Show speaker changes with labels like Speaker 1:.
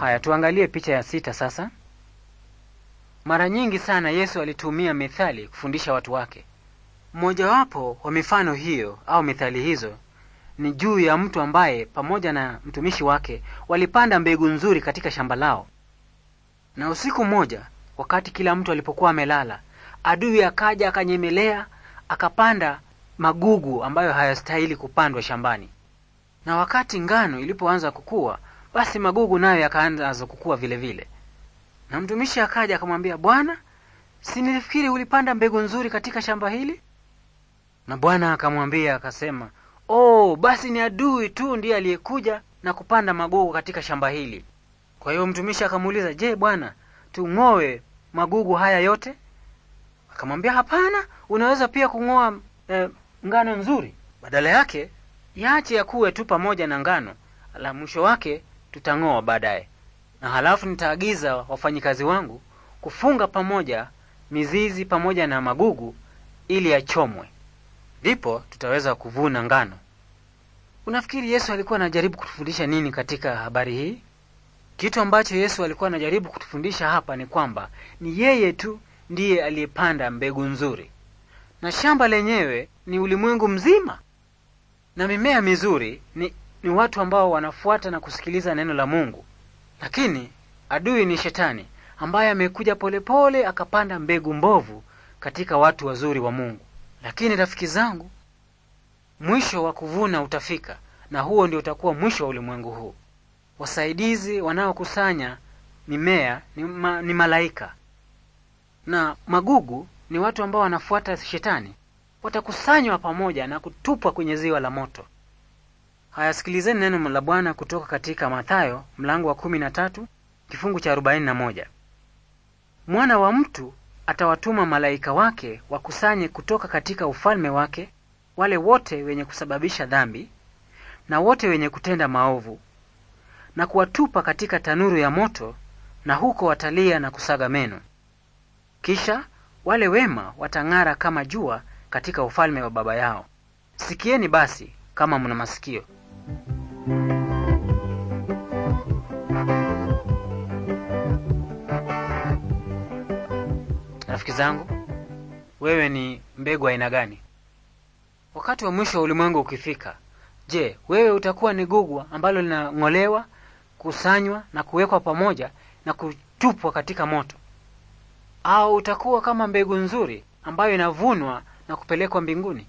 Speaker 1: Haya, tuangalie picha ya sita sasa. Mara nyingi sana Yesu alitumia methali kufundisha watu wake. Mmojawapo wa mifano hiyo au methali hizo ni juu ya mtu ambaye pamoja na mtumishi wake walipanda mbegu nzuri katika shamba lao. Na usiku mmoja, wakati kila mtu alipokuwa amelala, adui akaja akanyemelea, akapanda magugu ambayo hayastahili kupandwa shambani. Na wakati ngano ilipoanza kukua, basi magugu nayo yakaanza kukua vile vile. Na mtumishi akaja akamwambia, "Bwana, si nilifikiri ulipanda mbegu nzuri katika shamba hili?" Na Bwana akamwambia akasema, "Oh, basi ni adui tu ndiye aliyekuja na kupanda magugu katika shamba hili." Kwa hiyo mtumishi akamuuliza, "Je, bwana, tung'oe magugu haya yote?" Akamwambia, "Hapana, unaweza pia kung'oa eh, ngano nzuri. Badala yake, yaache yakuwe tu pamoja na ngano, la mwisho wake tutang'oa baadaye, na halafu nitaagiza wafanyikazi wangu kufunga pamoja mizizi pamoja na magugu ili yachomwe, ndipo tutaweza kuvuna ngano. Unafikiri Yesu alikuwa anajaribu kutufundisha nini katika habari hii? Kitu ambacho Yesu alikuwa anajaribu kutufundisha hapa ni kwamba ni yeye tu ndiye aliyepanda mbegu nzuri, na shamba lenyewe ni ulimwengu mzima, na mimea mizuri ni ni watu ambao wanafuata na kusikiliza neno la Mungu, lakini adui ni shetani ambaye amekuja polepole akapanda mbegu mbovu katika watu wazuri wa Mungu. Lakini rafiki zangu, mwisho wa kuvuna utafika, na huo ndio utakuwa mwisho wa ulimwengu huu. Wasaidizi wanaokusanya mimea ni, ma, ni malaika na magugu ni watu ambao wanafuata shetani. Watakusanywa pamoja na kutupwa kwenye ziwa la moto. Hayasikilizeni neno la Bwana kutoka katika Mathayo mlango wa kumi na tatu kifungu cha arobaini na moja Mwana wa mtu atawatuma malaika wake wakusanye kutoka katika ufalme wake wale wote wenye kusababisha dhambi na wote wenye kutenda maovu na kuwatupa katika tanuru ya moto, na huko watalia na kusaga meno. Kisha wale wema watang'ara kama jua katika ufalme wa Baba yao. Sikieni basi, kama mna masikio. Rafiki zangu, wewe ni mbegu aina gani? Wakati wa mwisho wa ulimwengu ukifika, je, wewe utakuwa ni gugwa ambalo linang'olewa, kusanywa na kuwekwa pamoja na kutupwa katika moto, au utakuwa kama mbegu nzuri ambayo inavunwa na kupelekwa mbinguni?